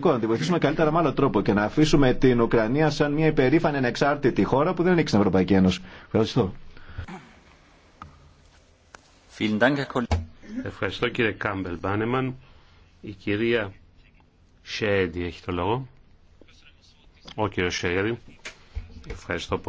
να τη βοηθήσουμε καλύτερα με άλλο τρόπο και να αφήσουμε την Ουκρανία σαν μια υπερήφανη ανεξάρτητη χώρα που δεν ανήκει στην Ευρωπαϊκή Ένωση. Ευχαριστώ. Ευχαριστώ κύριε Κάμπελ Μπάνεμαν. Η κυρία Σέιντι έχει το λόγο. Ο κύριο Σέιντι. Ευχαριστώ